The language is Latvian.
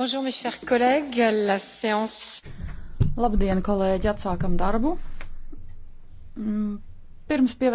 Bonjour, mes chers collègues, la séance. Labdien, kolēģi, atsākam darbu. Mm, pirms pievērsīsim.